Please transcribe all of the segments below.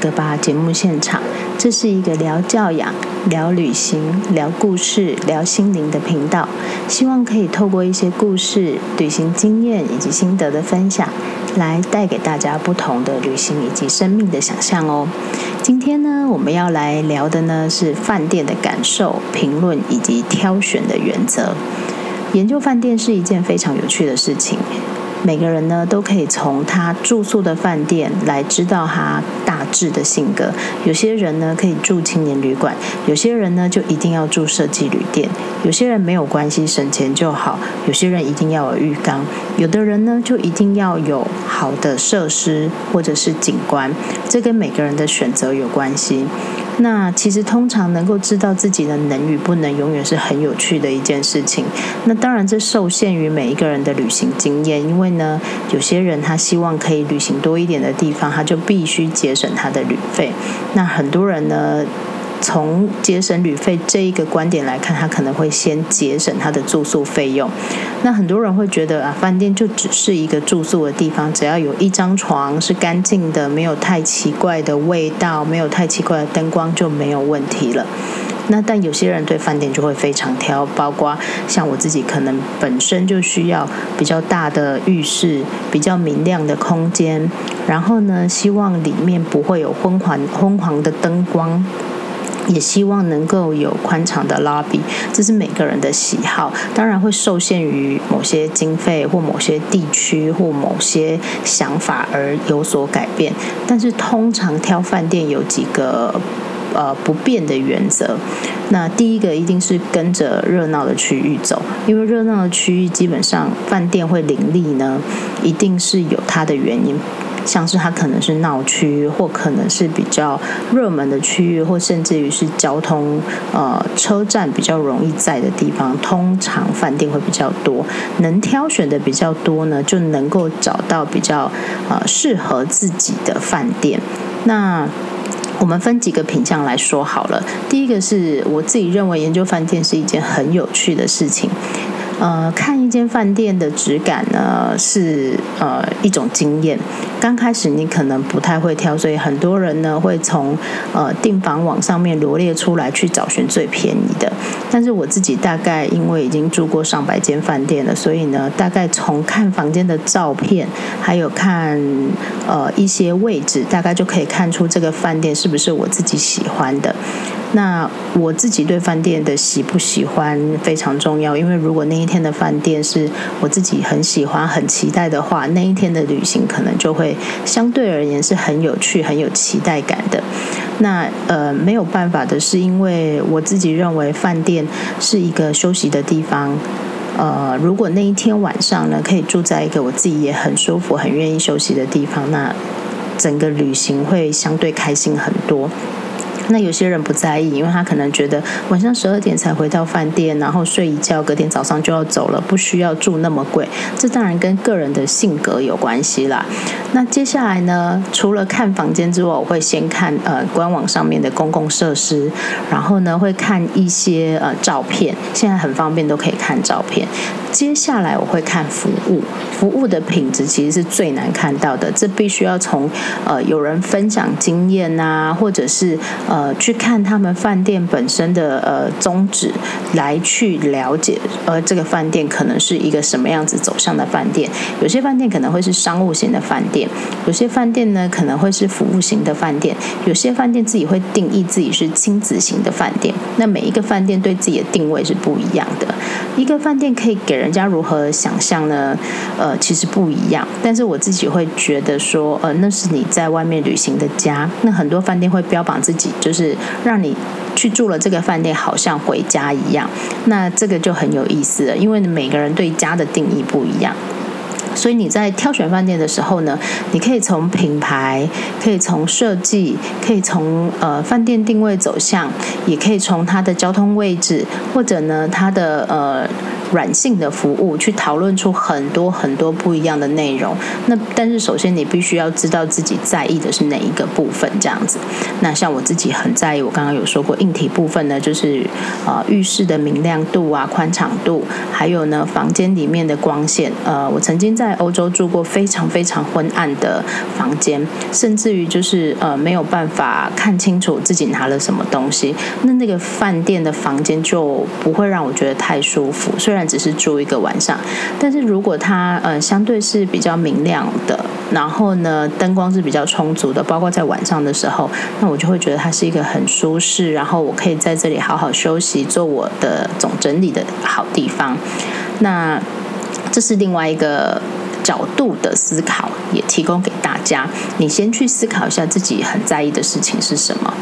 的吧，節目現場，這是一個聊教養、聊旅行、聊故事、聊心靈的頻道，希望可以透過一些故事、旅行經驗以及心得的分享，來帶給大家不同的旅行以及生命的想象哦。今天呢，我們要來聊的呢是飯店的感受、評論以及挑選的原則。研究飯店是一件非常有趣的事情。每個人呢，都可以從他住宿的飯店來知道他大致的性格。有些人呢可以住青年旅館，有些人呢就一定要住設計旅店。有些人沒有關係，省錢就好。有些人一定要有浴缸。有的人呢就一定要有好的設施或者是景觀。這跟每個人的選擇有關係。那其實通常能夠知道自己的能與不能，永遠是很有趣的一件事情。那當然，這受限於每一個人的旅行經驗，因為呢，有些人他希望可以旅行多一點的地方，他就必須節省他的旅費。那很多人呢，從節省旅費這一個觀點來看，他可能會先節省他的住宿費用。那很多人會覺得啊，飯店就只是一個住宿的地方，只要有一張床是乾淨的，沒有太奇怪的味道，沒有太奇怪的燈光就沒有問題了。那但有些人對飯店就會非常挑，包括像我自己，可能本身就需要比較大的浴室，比較明亮的空間，然後呢，希望裡面不會有昏黃昏黃的燈光。也希望能夠有寬敞的 lobby，這是每個人的喜好。當然會受限於某些經費或某些地區或某些想法而有所改變。但是通常挑飯店有幾個呃不變的原則。那第一個一定是跟着熱鬧的區域走，因為熱鬧的區域基本上飯店會林立呢，一定是有它的原因。像是它可能是鬧區，或可能是比較熱門的區域，或甚至於是交通呃車站比較容易在的地方，通常飯店會比較多，能挑選的比較多呢，就能夠找到比較呃適合自己的飯店。那我們分幾個品項來說好了。第一個是我自己認為研究飯店是一件很有趣的事情。呃，看一間飯店的質感呢，是呃一種經驗。剛開始你可能不太會挑，所以很多人呢會從呃訂房網上面羅列出來，去找尋最便宜的。但是我自己大概因為已經住過上百間飯店了，所以呢，大概從看房間的照片，還有看呃一些位置，大概就可以看出這個飯店是不是我自己喜歡的。那我自己對飯店的喜不喜歡非常重要，因為如果那一天的飯店是我自己很喜歡、很期待的話，那一天的旅行可能就會相對而言是很有趣、很有期待感的。那呃沒有辦法的是因為我自己認為飯店是一個休息的地方。呃，如果那一天晚上呢，可以住在一個我自己也很舒服、很願意休息的地方，那整個旅行會相對開心很多。那有些人不在意，因為他可能覺得晚上十二點才回到飯店，然後睡一覺，隔天早上就要走了，不需要住那麼貴。這當然跟個人的性格有關係啦。那接下來呢，除了看房間之外，我會先看呃官網上面的公共設施，然後呢會看一些呃照片，現在很方便都可以看照片。接下來我會看服務，服務的品質其實是最難看到的，這必須要從呃有人分享經驗啊，或者是呃。呃，去看他們飯店本身的呃宗旨，來去了解呃這個飯店可能是一個什麼樣子走向的飯店。有些飯店可能會是商務型的飯店，有些飯店呢可能會是服務型的飯店，有些飯店自己會定義自己是親子型的飯店。那每一個飯店對自己的定位是不一樣的，一個飯店可以給人家如何想象呢？呃，其實不一樣。但是我自己會覺得說，呃，那是你在外面旅行的家。那很多飯店會標榜自己就是讓你去住了這個飯店，好像回家一樣。那這個就很有意思了，因為每個人對家的定義不一樣。所以你在挑選飯店的時候呢，你可以從品牌，可以從設計，可以從呃飯店定位走向，也可以從它的交通位置，或者呢它的呃。軟性的服務去討論出很多很多不一樣的內容。那但是首先你必須要知道自己在意的是哪一個部分，這樣子。那像我自己很在意，我剛剛有說過硬體部分呢，就是呃浴室的明亮度啊、寬敞度，還有呢房間裡面的光線。呃，我曾經在歐洲住過非常非常昏暗的房間，甚至於就是呃沒有辦法看清楚自己拿了什麼東西。那那個飯店的房間就不會讓我覺得太舒服，雖然。但只是住一個晚上，但是如果它呃、嗯、相對是比較明亮的，然後呢燈光是比較充足的，包括在晚上的時候，那我就會覺得它是一個很舒適，然後我可以在這裡好好休息，做我的總整理的好地方。那這是另外一個角度的思考，也提供給大家。你先去思考一下自己很在意的事情是什麼。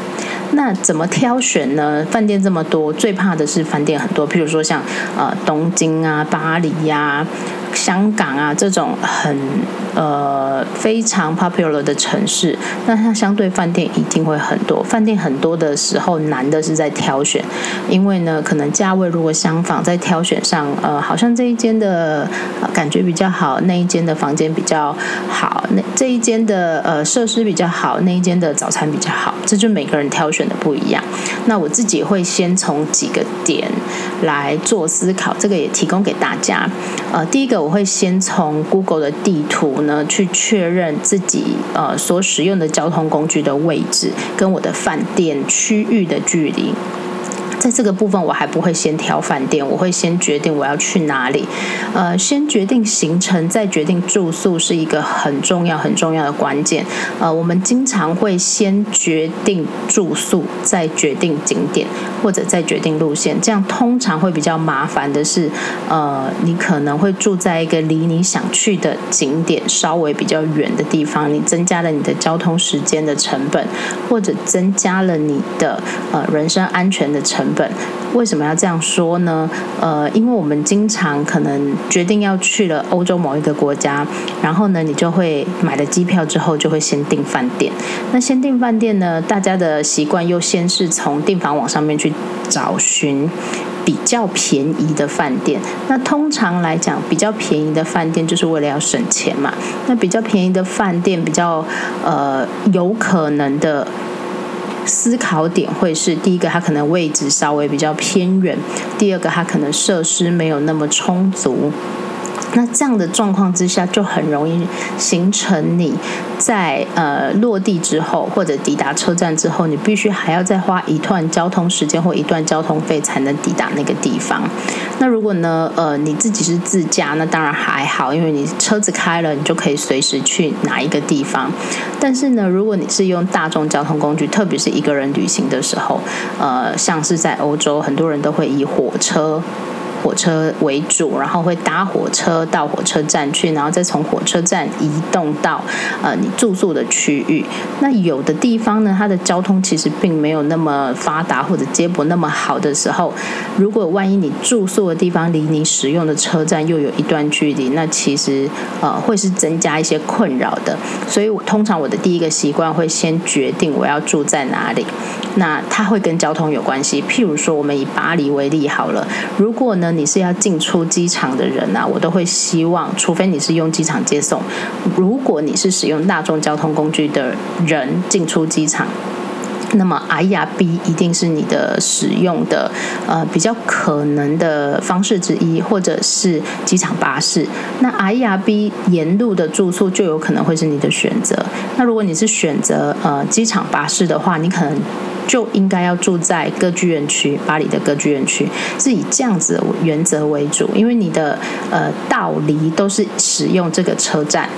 那怎麼挑選呢？飯店這麼多，最怕的是飯店很多。比如說像呃東京啊、巴黎呀、啊。香港啊，這種很呃非常 popular 的城市，那它相對飯店一定會很多。飯店很多的時候，難的是在挑選，因為呢，可能價位如果相仿，在挑選上，呃，好像這一間的感覺比較好，那一間的房間比較好，那這一間的呃設施比較好，那一間的早餐比較好，這就每個人挑選的不一樣。那我自己會先從幾個。點來做思考，這個也提供給大家。呃，第一個我會先從 Google 的地圖呢去確認自己，呃，所使用的交通工具的位置跟我的飯店區域的距離。在這個部分我還不會先挑飯店，我會先決定我要去哪裡，呃，先決定行程，再決定住宿是一個很重要很重要的關鍵。呃，我們經常會先決定住宿，再決定景點，或者再決定路線。這樣通常會比較麻煩的是，呃，你可能會住在一個離你想去的景點稍微比較遠的地方，你增加了你的交通時間的成本，或者增加了你的呃人身安全的成本。本為什麼要這樣說呢？呃，因為我們經常可能決定要去了歐洲某一個國家，然後呢，你就會買了機票之後就會先訂飯店。那先訂飯店呢，大家的習慣又先是從訂房網上面去找尋比較便宜的飯店。那通常來講，比較便宜的飯店就是為了要省錢嘛。那比較便宜的飯店，比較呃有可能的。思考點會是，第一個，它可能位置稍微比較偏遠；第二個，它可能設施沒有那麼充足。那這樣的狀況之下，就很容易形成你在呃落地之後，或者抵達車站之後，你必須還要再花一段交通時間或一段交通費才能抵達那個地方。那如果呢呃你自己是自駕，那當然還好，因為你車子開了，你就可以隨時去哪一個地方。但是呢，如果你是用大眾交通工具，特別是一個人旅行的時候，呃，像是在歐洲，很多人都會以火車。火車為主，然後會搭火車到火車站去，然後再從火車站移動到呃你住宿的區域。那有的地方呢，它的交通其實並沒有那麼發達或者接駁那麼好的時候，如果萬一你住宿的地方離你使用的車站又有一段距離，那其實呃會是增加一些困擾的。所以我通常我的第一個習慣會先決定我要住在哪裡，那它會跟交通有關係。譬如說，我們以巴黎為例好了，如果呢。你是要進出機場的人啊，我都會希望，除非你是用機場接送。如果你是使用大眾交通工具的人進出機場，那麼 RER B 一定是你的使用的呃比較可能的方式之一，或者是機場巴士。那 RER B 沿路的住宿就有可能會是你的選擇。那如果你是選擇呃機場巴士的話，你可能。就應該要住在歌劇院區，巴黎的歌劇院區是以這樣子的原則為主，因為你的呃到離都是使用這個車站。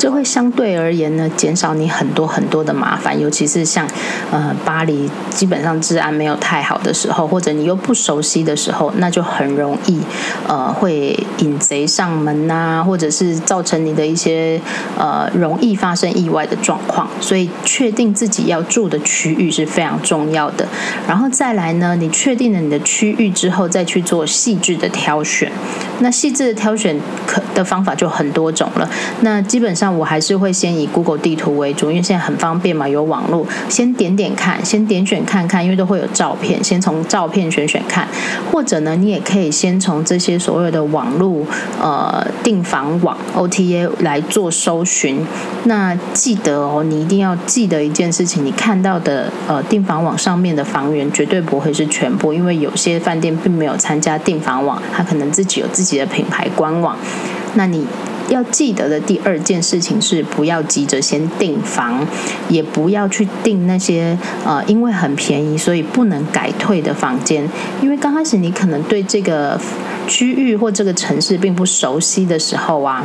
這會相對而言呢，減少你很多很多的麻煩，尤其是像呃巴黎，基本上治安沒有太好的時候，或者你又不熟悉的時候，那就很容易呃會引賊上門啊，或者是造成你的一些呃容易發生意外的狀況。所以確定自己要住的區域是非常重要的。然後再來呢，你確定了你的區域之後，再去做細緻的挑選。那細緻的挑選可的方法就很多種了。那基本上。我還是會先以 Google 地圖為主，因為現在很方便嘛，有網絡，先點點看，先點選看看，因為都會有照片，先從照片選選看。或者呢，你也可以先從這些所有的網絡呃訂房網 OTA 來做搜尋。那記得哦，你一定要記得一件事情，你看到的呃訂房網上面的房源絕對不會是全部，因為有些飯店並沒有參加訂房網，它可能自己有自己的品牌官網。那你。要記得的第二件事情是，不要急着先訂房，也不要去訂那些呃，因為很便宜，所以不能改退的房間。因為剛開始你可能對這個區域或這個城市並不熟悉的時候啊，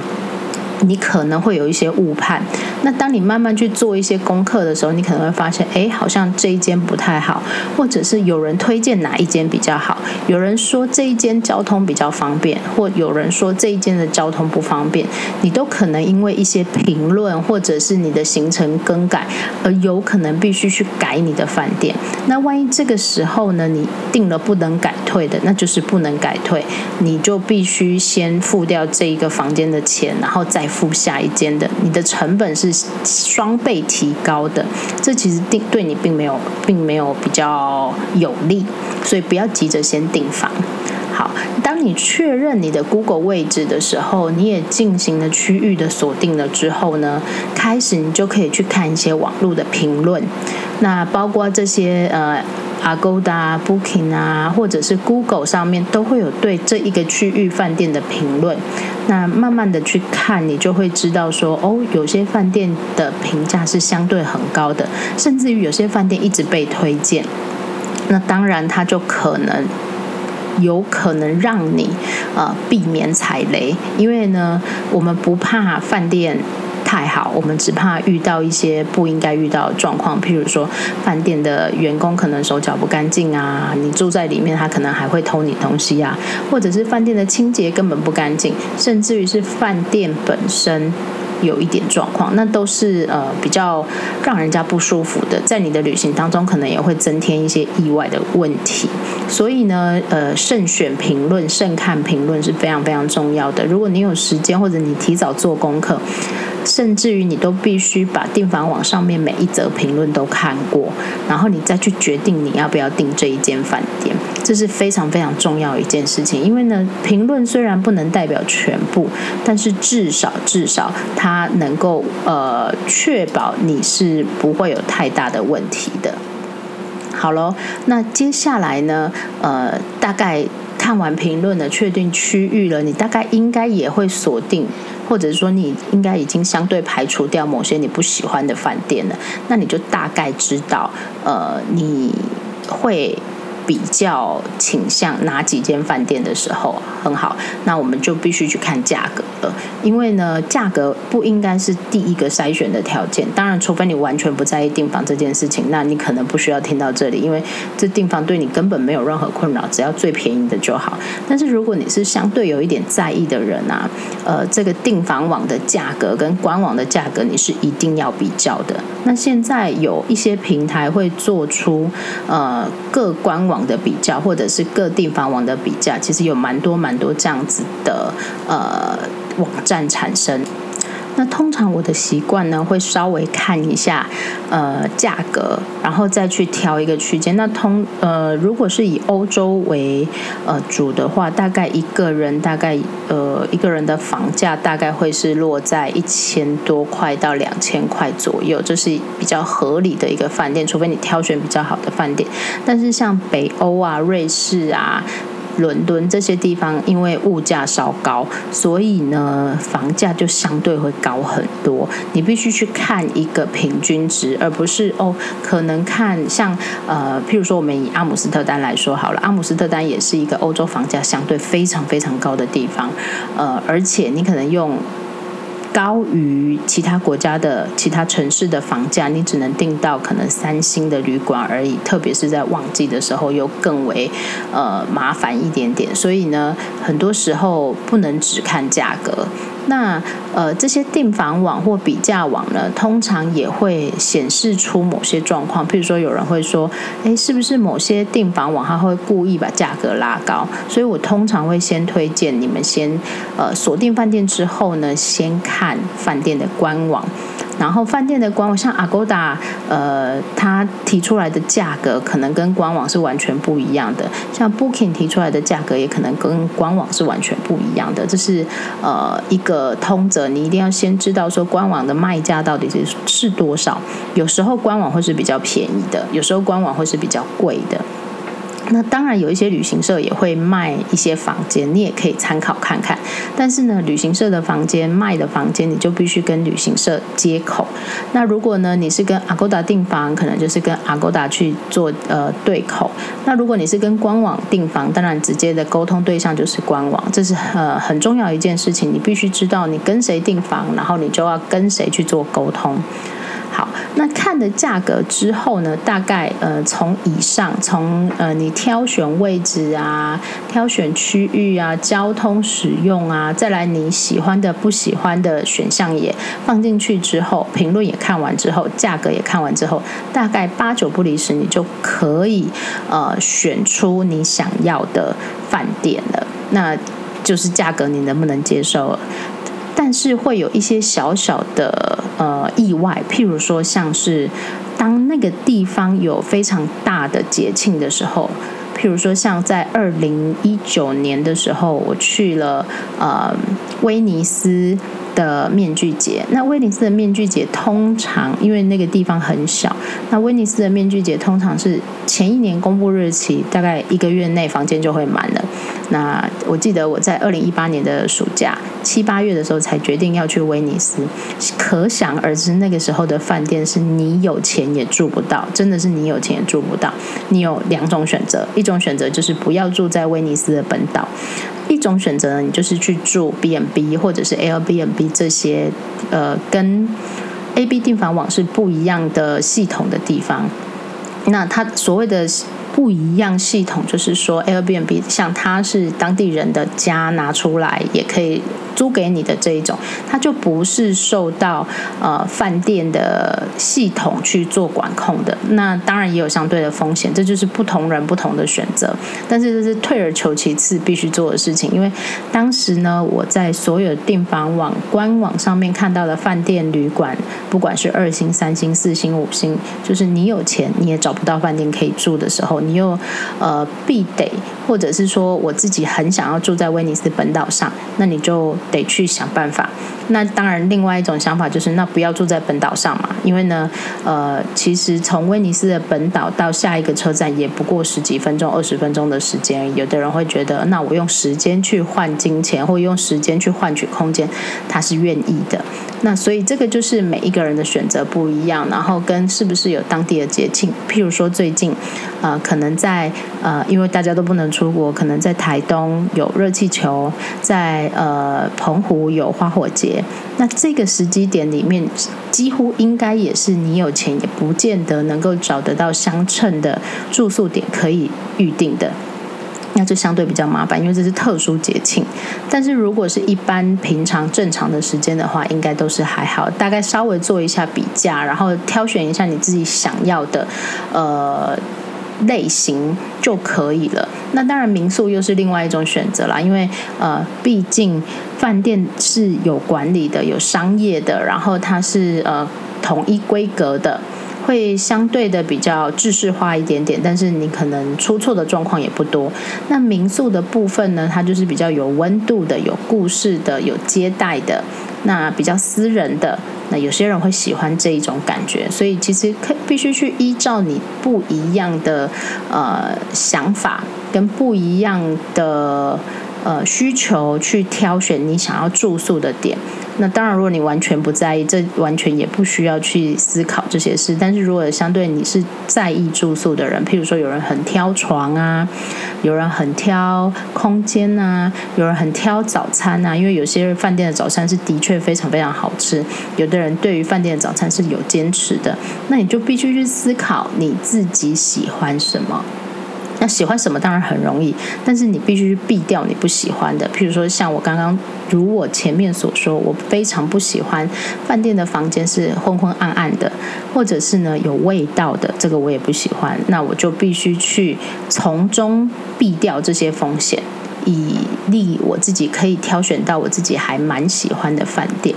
你可能會有一些誤判。那當你慢慢去做一些功課的時候，你可能會發現，哎、欸，好像這一間不太好，或者是有人推薦哪一間比較好，有人說這一間交通比較方便，或有人說這一間的交通不方便，你都可能因為一些評論或者是你的行程更改，而有可能必須去改你的飯店。那萬一這個時候呢，你訂了不能改退的，那就是不能改退，你就必須先付掉這一個房間的錢，然後再付下一間的，你的成本是雙倍提高的，這其實對你並沒有，並沒有比較有利，所以不要急着先訂房。好，當你確認你的 Google 位置的時候，你也進行了區域的鎖定了之後呢，開始你就可以去看一些網絡的評論，那包括這些呃，Agoda、Booking 啊，或者是 Google 上面都會有對這一個區域飯店的評論。那慢慢的去看，你就會知道說，哦，有些飯店的評價是相對很高的，甚至於有些飯店一直被推薦。那當然，它就可能。有可能讓你呃避免踩雷，因為呢，我們不怕飯店太好，我們只怕遇到一些不應該遇到的狀況。譬如說，飯店的員工可能手腳不乾淨啊，你住在裡面，他可能還會偷你東西啊，或者是飯店的清潔根本不乾淨，甚至於是飯店本身。有一點狀況，那都是呃比較讓人家不舒服的，在你的旅行當中，可能也會增添一些意外的問題。所以呢，呃，慎選評論，慎看評論是非常非常重要的。如果你有時間，或者你提早做功課，甚至於你都必須把訂房網上面每一則評論都看過，然後你再去決定你要不要訂這一間飯店。這是非常非常重要的一件事情，因為呢，評論雖然不能代表全部，但是至少至少它能夠呃確保你是不會有太大的問題的。好嘍，那接下來呢，呃，大概看完評論了，確定區域了，你大概應該也會鎖定，或者說你應該已經相對排除掉某些你不喜歡的飯店了。那你就大概知道，呃，你會。比較傾向哪幾間飯店的時候啊，很好，那我們就必須去看價格了。因為呢，價格不應該是第一個篩選的條件。當然，除非你完全不在意訂房這件事情，那你可能不需要聽到這裡，因為這訂房對你根本沒有任何困擾，只要最便宜的就好。但是如果你是相對有一點在意的人啊，呃，這個訂房網的價格跟官網的價格你是一定要比較的。那現在有一些平台會做出呃各官網網的比較，或者是各地房網的比較。其實有蠻多蠻多這樣子的呃網站產生。那通常我的習慣呢，會稍微看一下，呃，價格，然後再去挑一個區間。那通呃，如果是以歐洲為呃主的話，大概一個人大概呃一個人的房價大概會是落在一千多塊到兩千塊左右，這是比較合理的一個飯店，除非你挑選比較好的飯店。但是像北歐啊、瑞士啊。倫敦這些地方，因為物價稍高，所以呢，房價就相對會高很多。你必須去看一個平均值，而不是哦，可能看像呃，譬如說我們以阿姆斯特丹來說好了，阿姆斯特丹也是一個歐洲房價相對非常非常高的地方，呃，而且你可能用。高於其他國家的其他城市的房價，你只能訂到可能三星的旅館而已，特別是在旺季的時候又更為呃麻煩一點點。所以呢，很多時候不能只看價格。那呃，這些訂房網或比價網呢，通常也會顯示出某些狀況，譬如說有人會說，哎、欸，是不是某些訂房網他會故意把價格拉高？所以我通常會先推薦你們先呃鎖定飯店之後呢，先看飯店的官網。然後飯店的官網，像 Agoda，呃，它提出來的價格可能跟官網是完全不一樣的。像 Booking 提出來的價格也可能跟官網是完全不一樣的。這是呃一個通則，你一定要先知道說官網的賣價到底是是多少。有時候官網會是比較便宜的，有時候官網會是比較貴的。那當然有一些旅行社也會賣一些房間，你也可以參考看看。但是呢，旅行社的房間賣的房間，你就必須跟旅行社接口。那如果呢，你是跟阿勾達訂房，可能就是跟阿勾達去做呃對口。那如果你是跟官網訂房，當然直接的溝通對象就是官網，這是呃很，很重要一件事情。你必須知道你跟誰訂房，然後你就要跟誰去做溝通。好，那看了價格之後呢，大概呃，從以上，從呃，你挑選位置啊，挑選區域啊，交通使用啊，再來你喜歡的、不喜歡的選項也放進去之後，評論也看完之後，價格也看完之後，大概八九不離十，你就可以呃，選出你想要的飯店了。那就是價格，你能不能接受了？但是會有一些小小的呃意外，譬如說像是當那個地方有非常大的節慶的時候，譬如說像在二零一九年的時候，我去了呃威尼斯的面具節。那威尼斯的面具節通常因為那個地方很小，那威尼斯的面具節通常是前一年公布日期，大概一個月內房間就會滿了。那我記得我在二零一八年的暑假。七八月的時候才決定要去威尼斯，可想而知那個時候的飯店是你有錢也住不到，真的是你有錢也住不到。你有兩種選擇，一種選擇就是不要住在威尼斯的本島，一種選擇呢，你就是去住 B&B 或者是 Airbnb 這些呃跟 A B 訂房網是不一樣的系統的地方。那它所謂的不一樣系統，就是說 Airbnb 像它是當地人的家拿出來也可以。租給你的這一種，它就不是受到呃飯店的系統去做管控的。那當然也有相對的風險，這就是不同人不同的選擇。但是這是退而求其次必須做的事情，因為當時呢，我在所有訂房網官網上面看到的飯店旅館，不管是二星、三星、四星、五星，就是你有錢你也找不到飯店可以住的時候，你又呃必得，或者是說我自己很想要住在威尼斯本島上，那你就。得去想辦法。那當然，另外一種想法就是，那不要住在本島上嘛，因為呢，呃，其實從威尼斯的本島到下一個車站也不過十幾分鐘、二十分鐘的時間。有的人會覺得，那我用時間去換金錢，或用時間去換取空間，他是願意的。那所以這個就是每一個人的選擇不一樣，然後跟是不是有當地的節慶，譬如說最近呃，可能在呃，因為大家都不能出國，可能在臺東有熱氣球，在呃，澎湖有花火節，那這個時機點裡面，幾乎應該也是你有錢也不見得能夠找得到相稱的住宿點可以預定的，那就相對比較麻煩，因為這是特殊節慶。但是如果是一般平常正常的時間的話，應該都是還好，大概稍微做一下比價，然後挑選一下你自己想要的，呃。類型就可以了。那當然，民宿又是另外一種選擇啦，因為呃，畢竟飯店是有管理的、有商業的，然後它是呃統一規格的，會相對的比較制式化一點點。但是你可能出錯的狀況也不多。那民宿的部分呢，它就是比較有溫度的、有故事的、有接待的，那比較私人的。那有些人會喜歡這一種感覺，所以其實可必須去依照你不一樣的呃想法跟不一樣的。呃，需求去挑選你想要住宿的點。那當然，如果你完全不在意，這完全也不需要去思考這些事。但是，如果相對你是在意住宿的人，譬如說有人很挑床啊，有人很挑空間啊，有人很挑早餐啊，因為有些飯店的早餐是的確非常非常好吃。有的人對於飯店的早餐是有堅持的，那你就必須去思考你自己喜歡什麼。喜歡什麼當然很容易，但是你必須避掉你不喜歡的。譬如說，像我剛剛如我前面所說，我非常不喜歡飯店的房間是昏昏暗暗的，或者是呢有味道的，這個我也不喜歡。那我就必須去從中避掉這些風險。以利我自己可以挑選到我自己還蠻喜歡的飯店。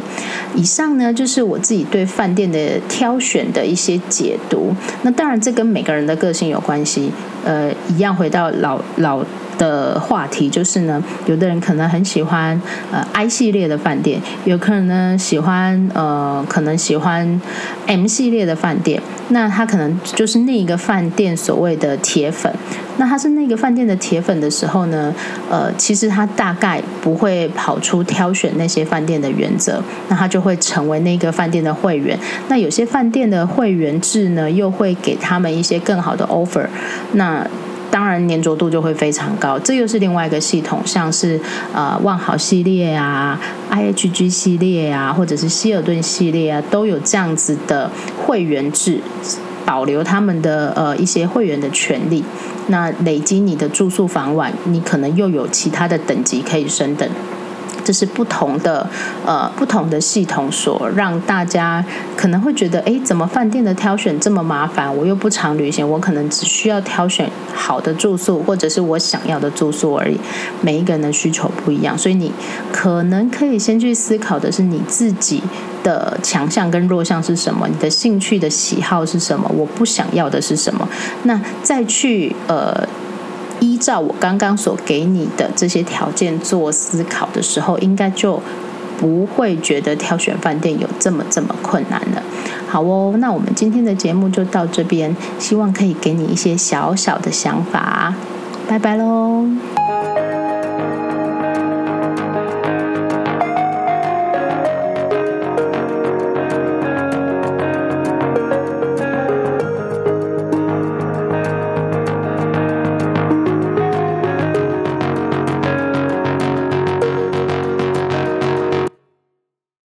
以上呢，就是我自己對飯店的挑選的一些解讀。那當然，這跟每個人的個性有關係，呃，一樣回到老，老。的話題就是呢，有的人可能很喜歡呃 I 系列的飯店，有可能呢喜歡呃可能喜歡 M 系列的飯店。那他可能就是那一個飯店所謂的鐵粉。那他是那個飯店的鐵粉的時候呢，呃，其實他大概不會跑出挑選那些飯店的原則。那他就會成為那個飯店的會員。那有些飯店的會員制呢，又會給他們一些更好的 offer。那當然，粘着度就會非常高。這又是另外一個系統，像是呃萬豪系列啊、IHG 系列啊，或者是希爾頓系列啊，都有這樣子的會員制，保留他們的呃一些會員的權利。那累積你的住宿房晚，你可能又有其他的等級可以升等。這是不同的，呃，不同的系統所讓大家可能會覺得，誒，怎麼飯店的挑選這麼麻煩？我又不常旅行，我可能只需要挑選好的住宿或者是我想要的住宿而已。每一個人的需求不一樣，所以你可能可以先去思考的是你自己的強項跟弱項是什麼，你的興趣的喜好是什麼，我不想要的是什麼，那再去呃。依照我剛剛所給你的這些條件做思考的時候，應該就不會覺得挑選飯店有這麼這麼困難了。好哦，那我們今天的節目就到這邊，希望可以給你一些小小的想法。拜拜嘍！